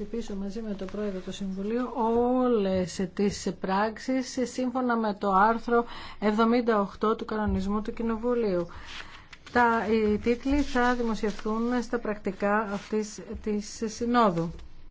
Επίσης, μαζί με το Πρόεδρο του Συμβουλίου όλες τις πράξεις σύμφωνα με το άρθρο 78 του κανονισμού του Κοινοβουλίου. Τα, οι τίτλοι θα δημοσιευθούν στα πρακτικά αυτής της συνόδου.